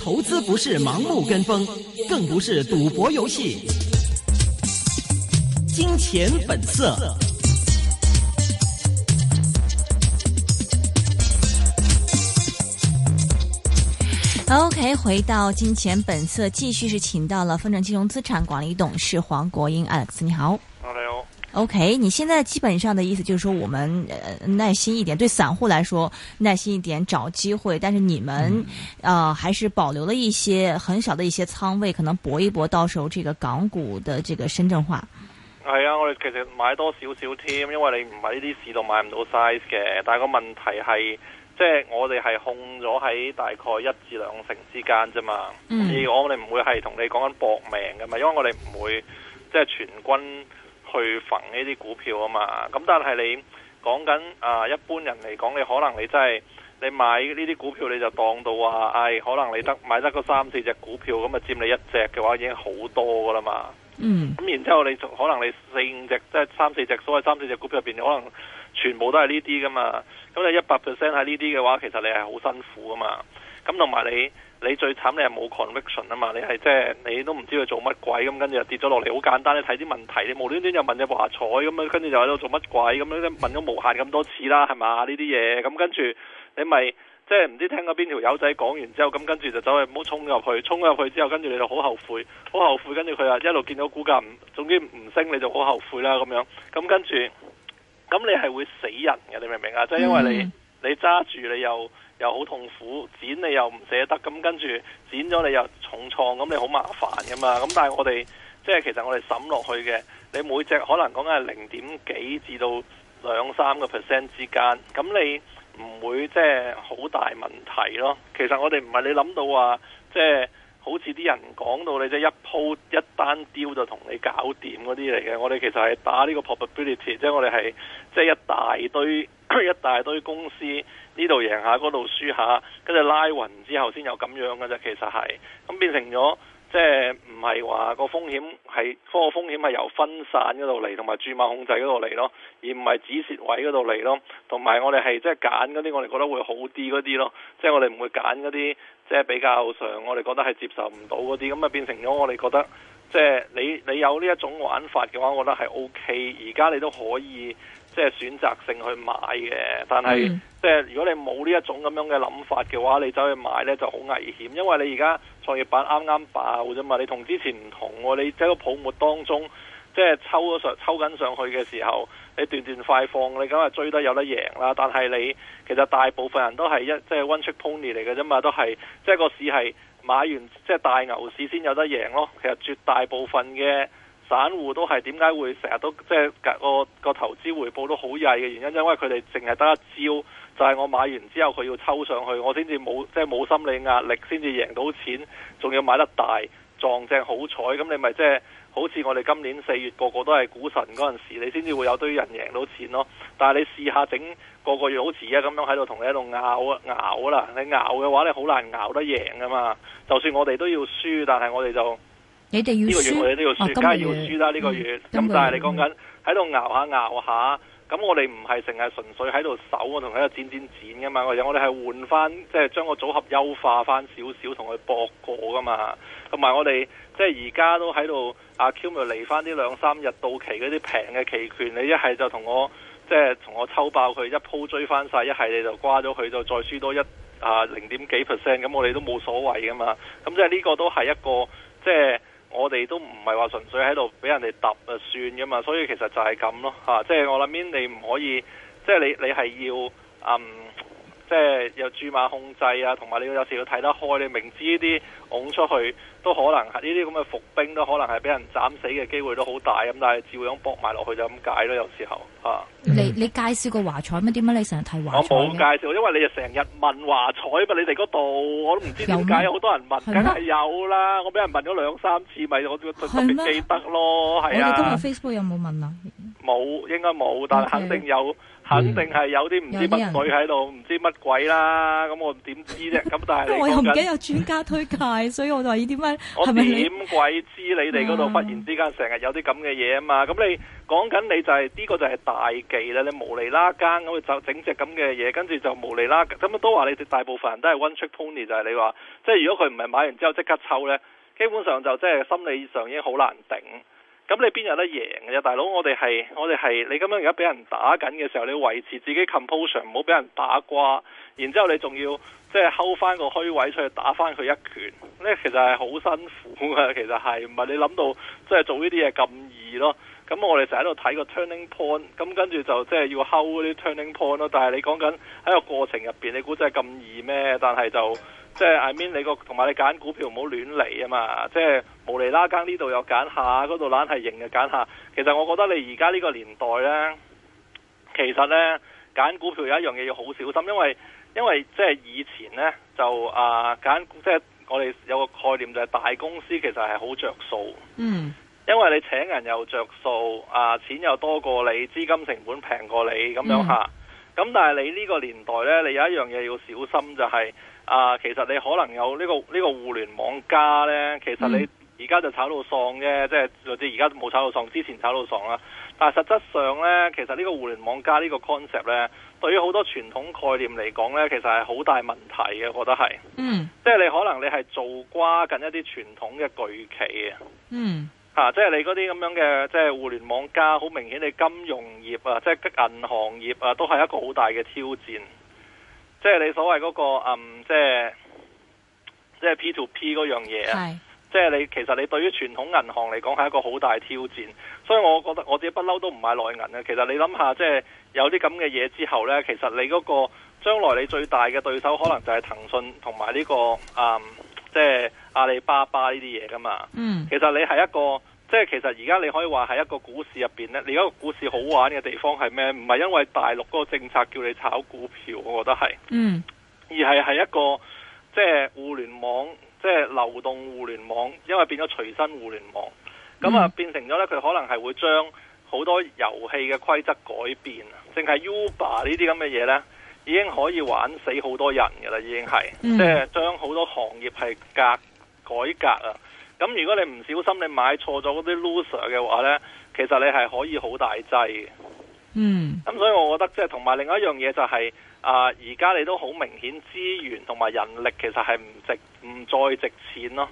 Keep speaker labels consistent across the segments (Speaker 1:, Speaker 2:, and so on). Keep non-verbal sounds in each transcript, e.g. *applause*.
Speaker 1: 投資不是盲目跟風，更不是賭博遊戲。金錢本色。
Speaker 2: OK，回到金錢本色，繼續是請到了豐盛金融資產管理董事黃國英，Alex，你好。Okay. O.K. 你現在基本上的意思就是說，我們耐心一點，對散戶來說耐心一點，找機會。但是你們，啊、嗯呃，還是保留了一些很小的一些倉位，可能搏一搏，到時候這個港股的這個深圳化。
Speaker 1: 係啊，我哋其實買多少少添，因為你唔喺呢啲市度買唔到 size 嘅。但係個問題係，即係我哋係控咗喺大概一至兩成之間啫嘛。嗯、所以我哋唔會係同你講緊搏命㗎嘛，因為我哋唔會即係全軍。去揈呢啲股票啊嘛，咁但係你講緊啊，一般人嚟講，你可能你真係你買呢啲股票，你就當到話，唉、哎，可能你得買得個三四隻股票，咁啊佔你一隻嘅話，已經好多噶啦嘛。嗯，咁然之後你可能你四五隻，即係三四隻，所謂三四隻股票入邊，可能全部都係呢啲噶嘛。咁你一百 percent 喺呢啲嘅話，其實你係好辛苦噶嘛。咁同埋你，你最慘你係冇 conviction 啊嘛，你係即係你都唔知佢做乜鬼咁，跟住跌咗落嚟，好簡單，你睇啲問題，你無端端又問隻華彩咁啊，跟住又喺度做乜鬼咁咧？問咗無限咁多次啦，係嘛呢啲嘢？咁跟住你咪即係唔知聽咗邊條友仔講完之後，咁跟住就走去唔好衝入去，衝入去之後，跟住你就好後悔，好後悔，跟住佢話一路見到股價唔，總之唔升，你就好後悔啦咁樣。咁跟住，咁你係會死人嘅，你明唔明啊？即係因為你你揸住，你又。又好痛苦，剪你又唔捨得，咁跟住剪咗你又重創，咁你好麻煩噶嘛，咁但係我哋即係其實我哋審落去嘅，你每隻可能講緊係零點幾至到兩三個 percent 之間，咁你唔會即係好大問題咯。其實我哋唔係你諗到話即係。就是好似啲人講到你即係一鋪一單雕就同你搞掂嗰啲嚟嘅，我哋其實係打呢個 probability，即係我哋係即係一大堆 *laughs* 一大堆公司呢度贏下，嗰度輸下，跟住拉勻之後先有咁樣嘅啫。其實係咁變成咗，即係唔係話個風險係個風險係由分散嗰度嚟，同埋注碼控制嗰度嚟咯，而唔係止蝕位嗰度嚟咯。同埋我哋係即係揀嗰啲我哋覺得會好啲嗰啲咯，即係我哋唔會揀嗰啲。即係比較上，我哋覺得係接受唔到嗰啲，咁啊變成咗我哋覺得，即係你你有呢一種玩法嘅話，我覺得係 OK。而家你都可以即係選擇性去買嘅，但係即係如果你冇呢一種咁樣嘅諗法嘅話，你走去買呢就好危險，因為你而家創業板啱啱爆啫嘛，你同之前唔同啊，你喺個泡沫當中。即係抽咗上，抽緊上去嘅時候，你段段快放，你梗係追得有得贏啦。但係你其實大部分人都係一即係 one trick pony 嚟嘅啫嘛，都係即係個市係買完即係、就是、大牛市先有得贏咯。其實絕大部分嘅散戶都係點解會成日都即係、就是、個個投資回報都好曳嘅原因，因為佢哋淨係得一招，就係、是、我買完之後佢要抽上去，我先至冇即係冇心理壓力，先至贏到錢，仲要買得大撞正好彩。咁你咪即係。好似我哋今年四月個個都係股神嗰陣時，你先至會有堆人贏到錢咯。但係你試下整個個月好似而家咁樣喺度同你喺度拗啊拗啦。你拗嘅話，你好難拗得贏噶嘛。就算我哋都要輸，但係我哋就
Speaker 2: 你哋要呢個月我哋都要輸，梗係、啊、要輸啦、啊、呢、呢個月。咁、嗯、但係你講
Speaker 1: 緊喺度拗下拗下。拗咁、嗯、我哋唔係成日純粹喺度守，同喺度剪剪剪噶嘛，我哋係換翻即係將個組合優化翻少少，同佢搏過噶嘛。同埋我哋即係而家都喺度，阿 Kimi 嚟翻啲兩三日到期嗰啲平嘅期權，你一係就同我即係同我抽爆佢一鋪追翻晒，一係你就瓜咗佢就再輸多一啊零點幾 percent，咁我哋都冇所謂噶嘛。咁、嗯、即係呢個都係一個即係。我哋都唔係話純粹喺度俾人哋揼就算噶嘛，所以其實就係咁咯吓、啊，即係我諗，邊你唔可以，即係你你係要嗯。即係有注碼控制啊，同埋你要有時要睇得開，你明知呢啲拱出去都可能係呢啲咁嘅伏兵，都可能係俾人斬死嘅機會都好大，咁但係照樣搏埋落去就咁解咯，有時候吓、啊嗯。
Speaker 2: 你你介紹過華彩咩？點解你成日睇華彩？我冇介
Speaker 1: 紹，因為你就成日問華彩嘛。你哋嗰度我都唔知點解有好嗎多人問，梗係有啦。嗎我俾人問咗兩三次，咪我就特別記得咯。係嗎啊。我哋今日
Speaker 2: Facebook 有冇問啊？
Speaker 1: 冇，應該冇，但係 Okay. 肯定有。肯定係有啲唔知乜水喺度，唔知乜鬼啦。咁我點知啫？咁但係， *laughs* 我又唔記得有專
Speaker 2: 家推介， *laughs* 所以我就話：呢啲咩係咪點鬼
Speaker 1: 知？你哋嗰度忽然之間成日有啲咁嘅嘢啊嘛？咁你講緊你就係、是、呢、呢個就係大忌啦！你無厘啦更咁就整隻咁嘅嘢，跟住就無厘啦。咁都話你哋大部分人都係 one trick pony，就係你話，即係如果佢唔係買完之後即刻抽呢，基本上就即係心理上已經好難頂。咁你邊有得贏嘅啫？大佬，我哋係我哋係你咁樣而家俾人打緊嘅時候，你維持自己 composure，唔好俾人打瓜。然之後你仲要即係睺翻個虛位出去打翻佢一拳，呢其實係好辛苦嘅。其實係唔係你諗到即係做呢啲嘢咁易咯？咁我哋成日喺度睇個 turning point，咁跟住就即係要睺嗰啲 turning point 咯。但係你講緊喺個過程入邊，你估真係咁易咩？但係就。即係 I mean, 你個同埋你揀股票唔好亂嚟啊嘛！即係無厘拉更呢度又揀下，嗰度懶係型嘅。揀下。其實我覺得你而家呢個年代呢，其實呢，揀股票有一樣嘢要好小心，因為因為即係以前呢，就啊揀即係我哋有個概念就係、是、大公司其實係好着數，嗯，mm. 因為你請人又着數啊，錢又多過你，資金成本平過你咁樣吓。咁、mm. 但係你呢個年代呢，你有一樣嘢要小心就係、是。啊，其實你可能有呢、呢個呢、呢個互聯網加呢，其實你而家就炒到喪嘅，即係類似而家冇炒到喪，之前炒到喪啦。但係實質上呢，其實呢個互聯網加呢個 concept 咧，對於好多傳統概念嚟講呢，其實係好大問題嘅，我覺得係。嗯。即係你可能你係做瓜緊一啲傳統嘅巨企、嗯、啊。嗯。吓，即係你嗰啲咁樣嘅，即係互聯網加，好明顯你金融業啊，即係銀行業啊，都係一個好大嘅挑戰。即係你所謂嗰個嗯，即係 P to P 嗰樣嘢啊！即係是你其實你對於傳統銀行嚟講係一個好大挑戰，所以我覺得我自己不嬲都唔買內銀啊！其實你諗下，即係有啲咁嘅嘢之後呢，其實你嗰個將來你最大嘅對手可能就係騰訊同埋呢個、嗯、即係阿里巴巴呢啲嘢㗎嘛。嗯，其實你係一個。即係其實而家你可以話係一個股市入邊咧，你一個股市好玩嘅地方係咩？唔係因為大陸嗰個政策叫你炒股票，我覺得係，嗯，而係係一個即係、就是、互聯網，即、就、係、是、流動互聯網，因為變咗隨身互聯網，咁啊、嗯、變成咗呢。佢可能係會將好多遊戲嘅規則改變啊，淨係 Uber 呢啲咁嘅嘢呢，已經可以玩死好多人㗎喇，已經係，嗯、即係將好多行業係革改、改革啊。咁如果你唔小心你買錯咗嗰啲 loser 嘅話呢，其實你係可以好大劑嘅。
Speaker 2: Mm. 嗯。咁所
Speaker 1: 以我覺得即係同埋另一樣嘢就係啊，而家你都好明顯資源同埋人力其實係唔值唔再值錢咯。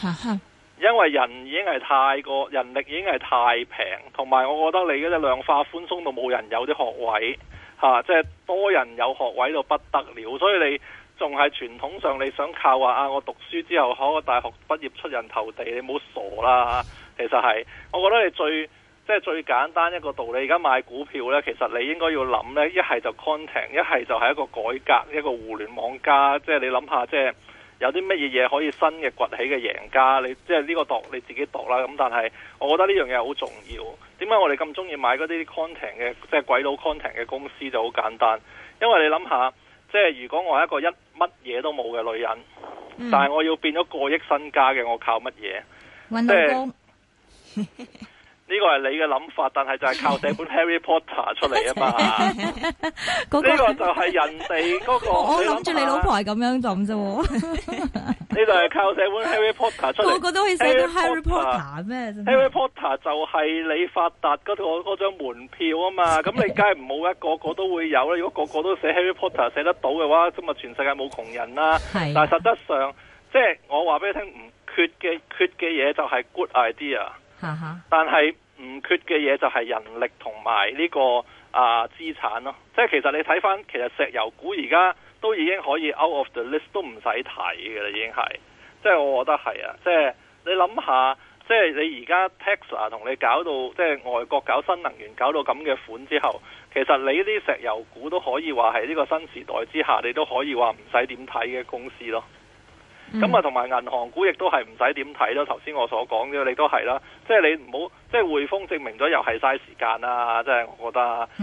Speaker 2: *laughs*
Speaker 1: 因為人已經係太過人力已經係太平，同埋我覺得你嗰啲量化寬鬆到冇人有啲學位嚇，即係多人有學位到不得了，所以你。仲係傳統上你想靠話啊，我讀書之後考個大學畢業出人頭地，你冇傻啦。其實係，我覺得你最即係最簡單一個道理。而家買股票呢，其實你應該要諗呢：一係就 content，一係就係一個改革，一個互聯網加。即係你諗下，即係有啲乜嘢嘢可以新嘅崛起嘅贏家？你即係呢個度你自己度啦。咁但係，我覺得呢樣嘢好重要。點解我哋咁鍾意買嗰啲 content 嘅即係鬼佬 content 嘅公司就好簡單？因為你諗下。即係如果我係一個一乜嘢都冇嘅女人，嗯、
Speaker 2: 但係我
Speaker 1: 要變咗過億身家嘅，我靠乜嘢？
Speaker 2: 搵到。呃 *laughs*
Speaker 1: 呢個係你嘅諗法，但係就係靠寫本 Harry Potter 出嚟啊嘛！呢 *laughs* 那個， *laughs* 個就係人哋嗰、那個。我諗住你，你老
Speaker 2: 婆係咁樣諗啫。
Speaker 1: 呢度係靠寫本 Harry Potter 出嚟。個個都可以寫本 Harry, Harry, Potter, Harry Potter 咩？Harry Potter 就係你發達嗰、那個嗰張門票啊嘛！咁你梗係唔好一個個都會有啦。如果個個都寫 Harry Potter 寫得到嘅話，咁咪全世界冇窮人啦。啊、但係實質上，即係我話俾你聽，唔缺嘅缺嘅嘢就係 good idea。但係唔缺嘅嘢就係人力同埋呢個啊資產咯，即係其實你睇返，其實石油股而家都已經可以 out of the list，都唔使睇嘅啦，已經係，即係我覺得係啊，即係你諗下，即係你而家 Tesla 同你搞到，即係外國搞新能源搞到咁嘅款之後，其實你呢啲石油股都可以話係呢個新時代之下，你都可以話唔使點睇嘅公司咯。咁啊，同埋、嗯、銀行股亦都係唔使點睇咯。頭先我所講嘅你都係啦，即係你唔好，即係匯豐證明咗又係嘥時間啦。即係我覺得，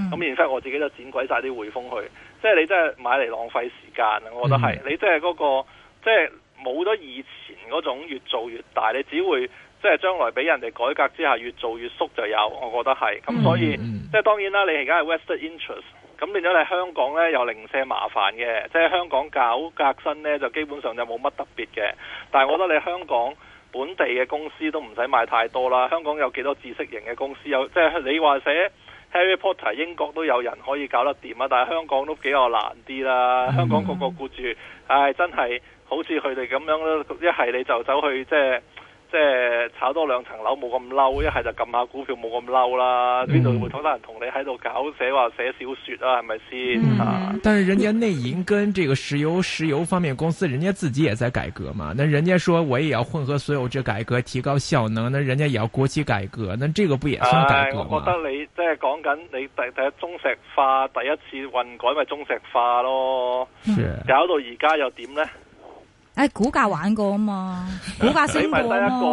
Speaker 1: 咁然之後我自己都剪鬼晒啲匯豐去。即係你真係買嚟浪費時間啊！我覺得係、嗯、你即係嗰個，即係冇咗以前嗰種越做越大，你只會即係、就是、將來俾人哋改革之下越做越縮就有。我覺得係咁，所以、嗯、即係當然啦。你而家係 Vested Interest。咁變咗你香港呢，有零舍麻煩嘅，即係香港搞革新呢，就基本上就冇乜特別嘅。但係我覺得你香港本地嘅公司都唔使買太多啦。香港有幾多知識型嘅公司有？即係你話寫 Harry Potter 英國都有人可以搞得掂啊！但係香港都比較難啲啦。香港個個顧住，唉、哎，真係好似佢哋咁樣咯。一係你就走去即係。即係炒多兩層樓冇咁嬲，一係就撳下股票冇咁嬲啦。邊度、嗯、會同得人同你喺度搞寫話寫小説啊，係咪先？嗯，但是人家內銀跟這個石油石油方面公司，人家自己也在改革嘛。那人家說我也要混合所有制改革，提高效能，那人家也要國企改革，那這個不也算改革、哎、我覺得你即係講緊你第一第一，第一中石化第一次混改咪中石化咯，是搞到而家又點呢？誒、哎，股
Speaker 2: 價玩過啊嘛，
Speaker 1: 股價先、啊。你咪得一個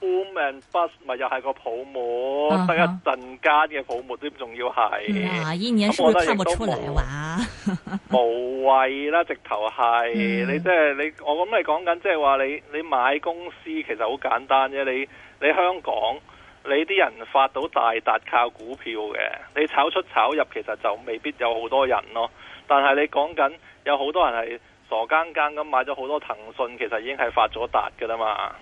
Speaker 1: boom and bust，咪又係個泡沫，第、啊、一陣間嘅泡沫都仲要係。啊，一年是不是看不出來哇？ *laughs* 無謂啦，直頭係、嗯、你即、就、係、是、你，我咁你講緊，即係話你你買公司其實好簡單啫。你你香港你啲人發到大達靠股票嘅，你炒出炒入其實就未必有好多人咯。但係你講緊有好多人係。傻更更咁買咗好多騰訊，其實已經係發咗達噶啦嘛，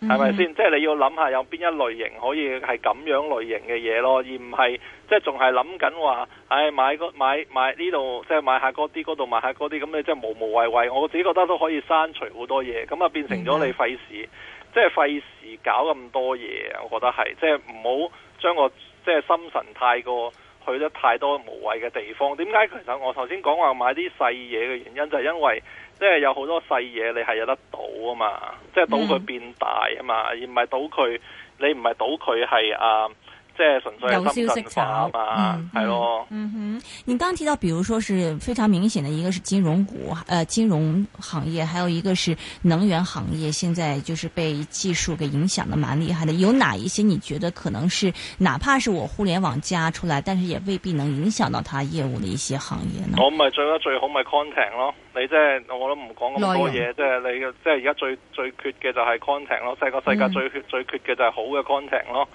Speaker 1: 係咪先？即、hmm. 係、mm hmm. 就是、你要諗下有邊一類型可以係咁樣類型嘅嘢咯，而唔係即係仲係諗緊話，唉、就是哎、買買買呢度，即係、就是、買下嗰啲，嗰度買下嗰啲，咁你即係無無謂謂，我自己覺得都可以刪除好多嘢，咁啊、mm hmm. 變成咗你費事，即係費事搞咁多嘢，我覺得係即係唔好將個即係心神太過。去得太多無謂嘅地方，點解其實我頭先講話買啲細嘢嘅原因就係因為，即係有好多細嘢你係有得賭啊嘛，即係賭佢變大啊嘛，而唔係賭佢，你唔係賭佢係啊。Uh, 即係純粹係消息炒
Speaker 2: 嘛，係、嗯、咯。嗯哼，你剛提到，比如說是非常明顯嘅一個是金融股，誒、呃、金融行業，還有一個是能源行業，現在就是被技術給影響的蠻厲害的。有哪一些你覺得可能是，哪怕是我互聯網加出來，但是也未必能影響到它業務的一些行業
Speaker 1: 呢？我咪最得最好咪 content 咯。你即、就、係、是、我都唔講咁多嘢，即係用你嘅，即係而家最最缺嘅就係 content 咯。即係世界最缺最缺嘅就係好嘅 content 咯。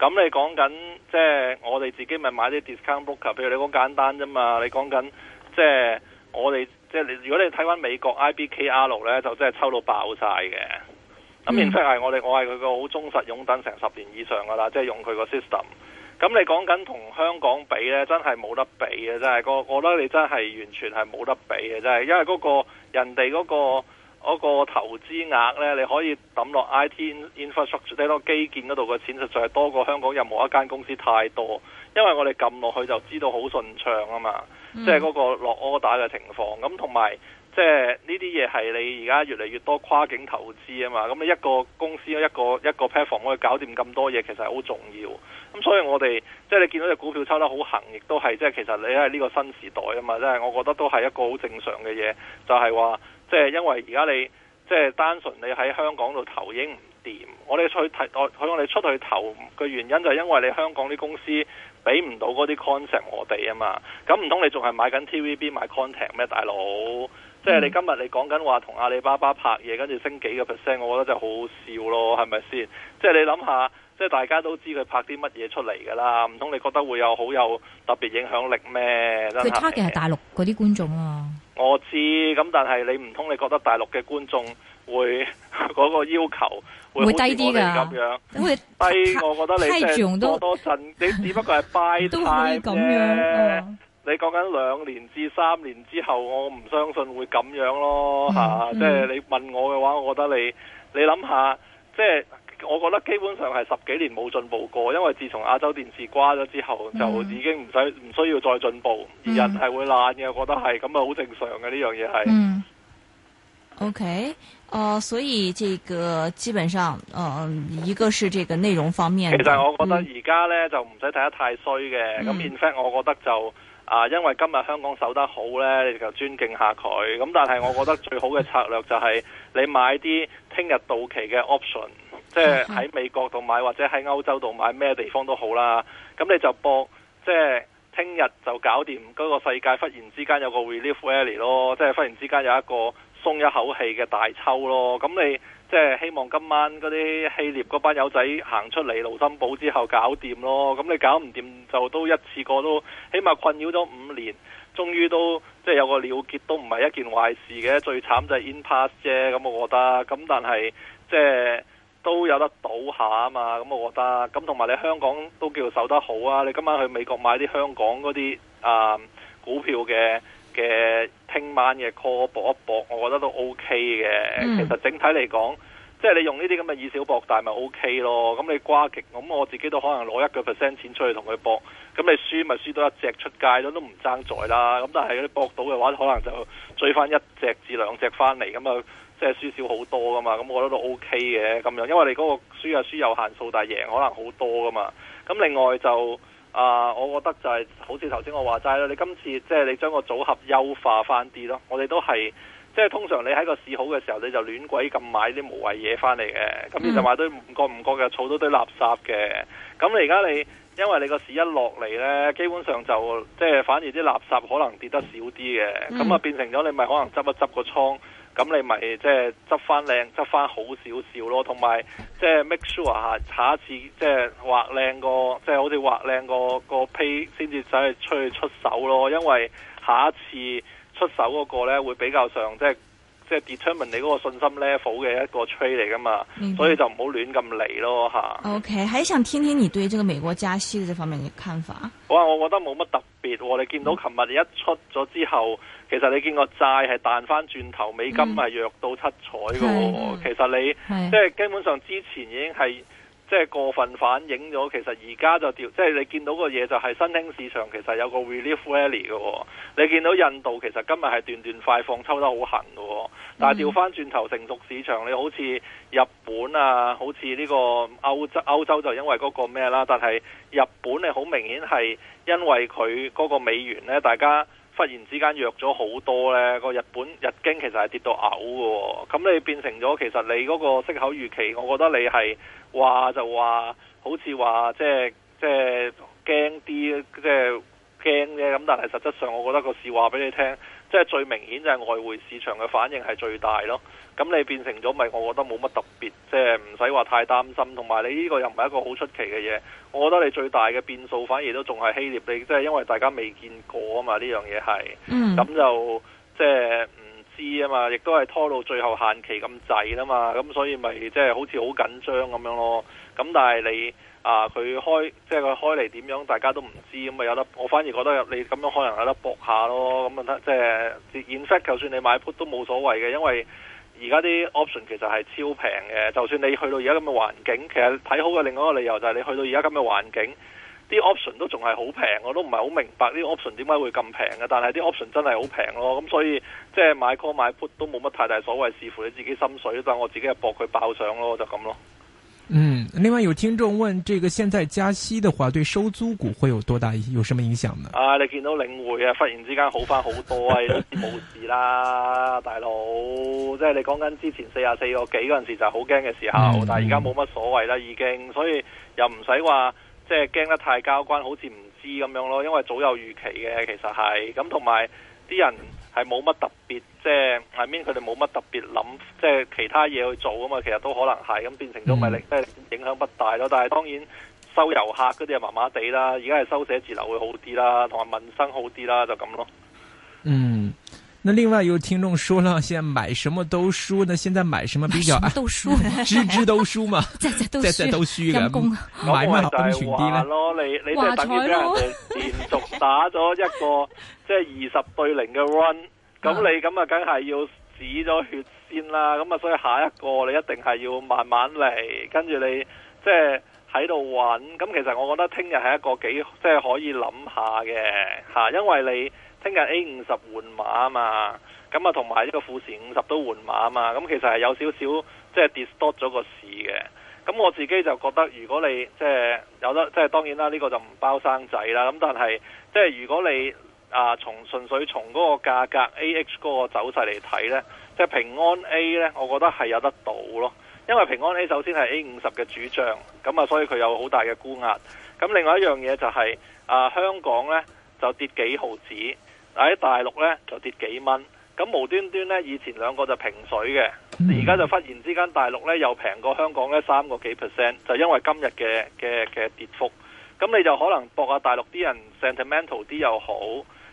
Speaker 1: 咁、嗯、你講緊即係我哋自己咪買啲 discount broker 啊？譬如你講簡單啫嘛，你講緊即係我哋即係你。如果你睇翻美國 IBKR 路咧，就真係抽到爆晒嘅。咁然之後係我哋，我係佢個好忠實擁躉，成十年以上噶啦，即係用佢個 system。咁你講緊同香港比咧，真係冇得比嘅，真係。個我覺得你真係完全係冇得比嘅，真係，因為嗰個人哋嗰個。嗰個投資額呢，你可以抌落 IT infrastructure，即係基建嗰度嘅錢，實在係多過香港任何一間公司太多。因為我哋撳落去就知道好順暢啊嘛，即係嗰個落 order 嘅情況。咁同埋，即係呢啲嘢係你而家越嚟越多跨境投資啊嘛。咁你一個公司一個一個 platform 去搞掂咁多嘢，其實係好重要。咁所以我哋即係你見到隻股票抽得好行，亦都係即係其實你喺呢個新時代啊嘛。即係我覺得都係一個好正常嘅嘢，就係話。即係因為而家你即係單純你喺香港度投影已經唔掂，我哋出，出去投，我我哋出去投嘅原因就因為你香港啲公司俾唔到嗰啲 concept 我哋啊嘛，咁唔通你仲係買緊 TVB 買 content 咩，大佬？即係你今日你講緊話同阿里巴巴拍嘢，跟住升幾個 percent，我覺得就好好笑咯，係咪先？即係你諗下，即係大家都知佢拍啲乜嘢出嚟㗎啦，唔通你覺得會有好有特別影響力咩？佢差嘅係
Speaker 2: 大陸嗰啲觀眾啊。
Speaker 1: 我知，咁但係你唔通你覺得大陸嘅觀眾會嗰 *laughs* 個要求會，好似我哋咁樣會低啲噶？低，為我覺得你即係多多陣，都你只不過係拜拜啫。咁樣。哦、你講緊兩年至三年之後，我唔相信會咁樣咯嚇。即係你問我嘅話，我覺得你你諗下，即係。我覺得基本上係十幾年冇進步過，因為自從亞洲電視瓜咗之後、嗯、就已經唔使唔需要再進步，嗯、而人係會爛嘅。我覺得係咁啊，好正常嘅呢樣嘢係。嗯
Speaker 2: ，OK，啊、uh,，所以這個基本上，嗯、uh,，一個是這個內容方面。其實我覺得而
Speaker 1: 家呢、嗯、就唔使睇得太衰嘅。咁、嗯、In fact，我覺得就啊、呃，因為今日香港守得好呢，你就尊敬下佢。咁但係我覺得最好嘅策略就係你買啲聽日到期嘅 option。即係喺美國度買或者喺歐洲度買咩地方都好啦，咁你就博，即係聽日就搞掂嗰個世界忽然之間有個 relief rally 咯，即係忽然之間有一個鬆一口氣嘅大抽咯。咁你即係希望今晚嗰啲希臘嗰班友仔行出嚟盧森堡之後搞掂咯。咁你搞唔掂就都一次過都起碼困擾咗五年，終於都即係有個了結都唔係一件壞事嘅。最慘就係 in pass 啫，咁我覺得。咁但係即係。都有得賭下啊嘛，咁我覺得，咁同埋你香港都叫受得好啊！你今晚去美國買啲香港嗰啲啊股票嘅嘅，聽晚嘅 call 搏一搏，我覺得都 OK 嘅。其實整體嚟講，即係你用呢啲咁嘅以小博大咪 OK 咯。咁你瓜極，咁我自己都可能攞一個 percent 錢出去同佢搏。咁你輸咪輸到一隻出街咯，都唔爭在啦。咁但係你搏到嘅話，可能就追翻一隻至兩隻翻嚟咁啊。即係輸少好多噶嘛，咁我覺得都 OK 嘅咁樣，因為你嗰個輸啊輸有限數，但係贏可能好多噶嘛。咁另外就啊、呃，我覺得就係、是、好似頭先我話齋啦，你今次即係你將個組合優化翻啲咯。我哋都係即係通常你喺個市好嘅時候，你就亂鬼咁買啲無謂嘢翻嚟嘅，咁你就買堆唔覺唔覺嘅，儲到堆垃，垃圾嘅。咁你而家你因為你個市一落嚟呢，基本上就即係反而啲垃圾可能跌得少啲嘅，咁啊變成咗你咪可能執一執個倉。咁你咪即係執翻靚，執翻好少少咯，同埋即係 make sure 下，下一次即係畫靚個，即係好似畫靚個個批，先至走去出去出手咯。因為下一次出手嗰個咧，會比較上即係、即係 determine 你嗰個信心 level 嘅一個 trade 嚟噶嘛，mm hmm. 所以就唔好亂咁嚟咯吓。
Speaker 2: OK，還想聽聽你對這個美國加息的這方面嘅看法。
Speaker 1: 我我覺得冇乜特別，你見到琴日一出咗之後。Mm hmm. 其實你見個債係彈翻轉頭，美金係弱到七彩噶。嗯、其實你的即係基本上之前已經係即係過分反映咗。其實而家就調，即係你見到個嘢就係新興市場其實有個 relief rally 嘅。你見到印度其實今日係斷斷快放，抽得好狠噶。但係調翻轉頭成熟市場，你好似日本啊，好似呢個歐洲，歐洲就因為嗰個咩啦，但係日本你好明顯係因為佢嗰個美元呢，大家。忽然之間弱咗好多，呢個日本日經其實係跌到嘔嘅，咁你變成咗其實你嗰個息口預期，我覺得你係話就話，好似話即係即係驚啲，即係驚啫。咁但係實質上，我覺得個市話俾你聽。即係最明顯就係外匯市場嘅反應係最大咯，咁你變成咗咪，我覺得冇乜特別，即係唔使話太擔心。同埋你呢個又唔係一個好出奇嘅嘢，我覺得你最大嘅變數反而都仲係希臘，你即係因為大家未見過啊嘛，呢樣嘢係，咁就即係唔知啊嘛，亦都係拖到最後限期咁滯啊嘛，咁所以咪即係好似好緊張咁樣咯，咁但係你。啊！佢開即係佢開嚟點樣，大家都唔知咁咪、嗯、有得，我反而覺得你咁樣可能有得搏下咯。咁、嗯、啊，即係 in fact, 就算你買 put 都冇所謂嘅，因為而家啲 option 其實係超平嘅。就算你去到而家咁嘅環境，其實睇好嘅另外一個理由就係你去到而家咁嘅環境，啲 option 都仲係好平。我都唔係好明白啲 option 點解會咁平嘅，但係啲 option 真係好平咯。咁、嗯、所以即係買 call 買 put 都冇乜太大所謂，視乎你自己心水。但我自己係搏佢爆上咯，就咁咯。另外有聽眾問，這個現在加息的話，對收租股會有多大，有什麼影響呢？啊，你見到領匯啊，忽然之間好翻好多啊，冇 *laughs* 事啦，大佬，即係你講緊之前四十四個幾嗰陣時就好驚嘅時候，嗯、但係而家冇乜所謂啦已經，所以又唔使話即係驚得太交關，好似唔知咁樣咯，因為早有預期嘅其實係，咁同埋啲人。係冇乜特別，即係係咪？佢哋冇乜特別諗，即係其他嘢去做啊嘛，其實都可能係咁變成咗咪力，即係、嗯、影響不大咯。但係當然收遊客嗰啲係麻麻地啦，而家係收寫字樓會好啲啦，同埋民生好啲啦，就咁咯。嗯。那另外有聽眾說了，現在買什麼都輸，呢，現在買什麼比較、啊？都輸，支支 *laughs* 都輸嘛，隻隻 *laughs* 都輸。慚買咩就安全啲咯，彩 *laughs* 你你即係等於俾人哋連續打咗一個即係二十對零嘅 run，咁你咁啊梗係要止咗血先啦，咁啊所以下一個你一定係要慢慢嚟，跟住你即係喺度揾，咁其實我覺得聽日係一個幾即係可以諗下嘅吓，因為你。聽日 A 五十換碼啊嘛，咁啊同埋呢個富時五十都換碼啊嘛，咁其實係有少少即係、就是、distort 咗個市嘅。咁我自己就覺得，如果你即係、就是、有得，即、就、係、是、當然啦，呢、這個就唔包生仔啦。咁但係即係如果你啊從純粹從嗰個價格 A H 嗰個走勢嚟睇呢，即、就、係、是、平安 A 呢，我覺得係有得到咯。因為平安 A 首先係 A 五十嘅主將，咁啊所以佢有好大嘅沽壓。咁另外一樣嘢就係、是、啊香港呢，就跌幾毫子。喺大陸呢就跌幾蚊，咁無端端呢以前兩個就平水嘅，而家就忽然之間大陸呢又平過香港呢三個幾 percent，就因為今日嘅嘅嘅跌幅。咁你就可能博下大陸啲人 sentimental 啲又好，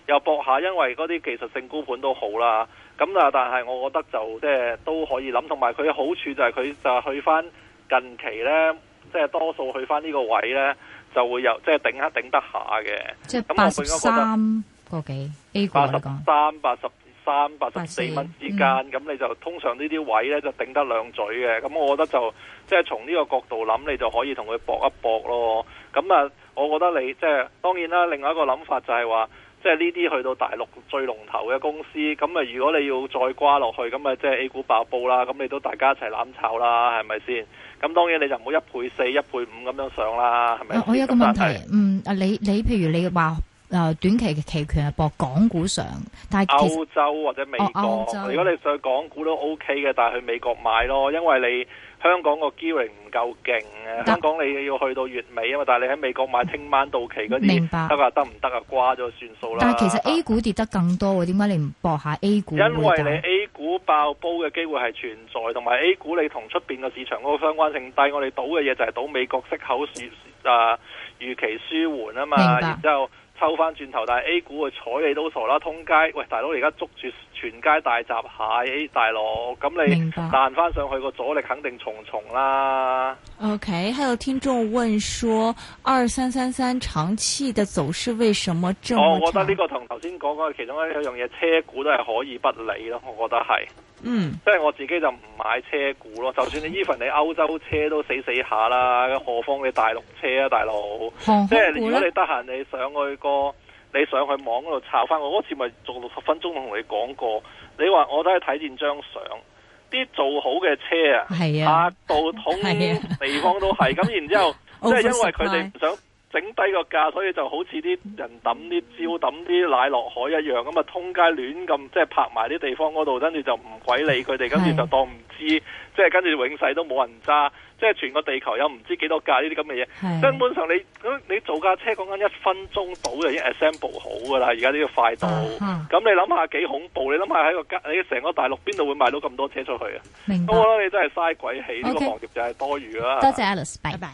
Speaker 1: 又博下因為嗰啲技術性沽盤都好啦。咁啊，但係我覺得就即係、就係、都可以諗，同埋佢嘅好處就係佢就係、去翻近期呢，即、就、係、係、多數去翻呢個位呢，就會有、就係、頂一頂一即係頂下頂得下嘅。咁我本身覺
Speaker 2: 得。個幾 A 股八十
Speaker 1: 三、八十三、八十四蚊之間，咁你就通常呢啲位呢就頂得兩嘴嘅。咁我覺得就即係從呢個角度諗，你就可以同佢搏一搏咯。咁啊，我覺得你即係、就是、當然啦。另外一個諗法就係話，即係呢啲去到大陸最龍頭嘅公司，咁啊如果你要再瓜落去，咁啊即係 A 股爆煲啦。咁你都大家一齊攬炒啦，係咪先？咁當然你就唔好一倍四、一倍五咁樣上啦，係咪？我有個問
Speaker 2: 題，是嗯，你你譬如你話。嗱、呃，短期嘅期權啊，博港股上，但係歐
Speaker 1: 洲或者美國，哦、如果你上港股都 OK 嘅，但係去美國買咯，因為你香港個 gearing 唔夠勁啊，但香港你要去到月尾啊嘛，但係你喺美國買聽晚到期嗰啲，得啊得唔得啊？瓜咗算數啦。但係其實
Speaker 2: A 股跌得更多嘅，點解、啊、你唔博下 A 股？因為你
Speaker 1: A 股爆煲嘅機會係存在，同埋 A 股你同出邊嘅市場個相關性低，我哋賭嘅嘢就係賭美國息口預預、啊、期舒緩啊嘛，白然之後。抽翻轉頭，但係 A 股嘅睬你都傻啦，通街，喂，大佬而家捉住全街大閘蟹大佬，咁你彈翻上去個阻力肯定重重啦。
Speaker 2: OK，還有聽眾問說，二三三三長期的走勢為什麼這麼？哦，我覺得呢
Speaker 1: 個同頭先講嘅其中一一樣嘢，車股都係可以不理咯，我覺得係。嗯，即係我自己就唔買車股咯。就算你 even 你歐洲車都死死下啦，何況你大陸車啊，大佬！即係如果你得閒，你上去個你上去網度查翻，我次咪做六十分鐘同你講過。你話我都係睇見張相，啲做好嘅車啊，係吓到通啲地方都係咁。啊、然之後 *laughs* 即係因為佢哋唔想。頂低個價，所以就好似啲人抌啲蕉，抌啲奶落海一樣，咁啊通街亂咁，即係拍埋啲地方嗰度，跟住就唔鬼理佢哋，跟住是就當唔知，即係跟住永世都冇人揸，即係全個地球有唔知幾多架呢啲咁嘅嘢。根是本上你咁你做架車講緊一分鐘到就已經 assemble 好噶啦，而家呢個快到，咁、uh huh. 你諗下幾恐怖？你諗下喺個你成個大陸邊度會賣到咁多車出去啊？明白我覺得你真係嘥鬼氣呢 Okay. 個行業就係多餘啦。多謝 Alice，拜
Speaker 2: 拜。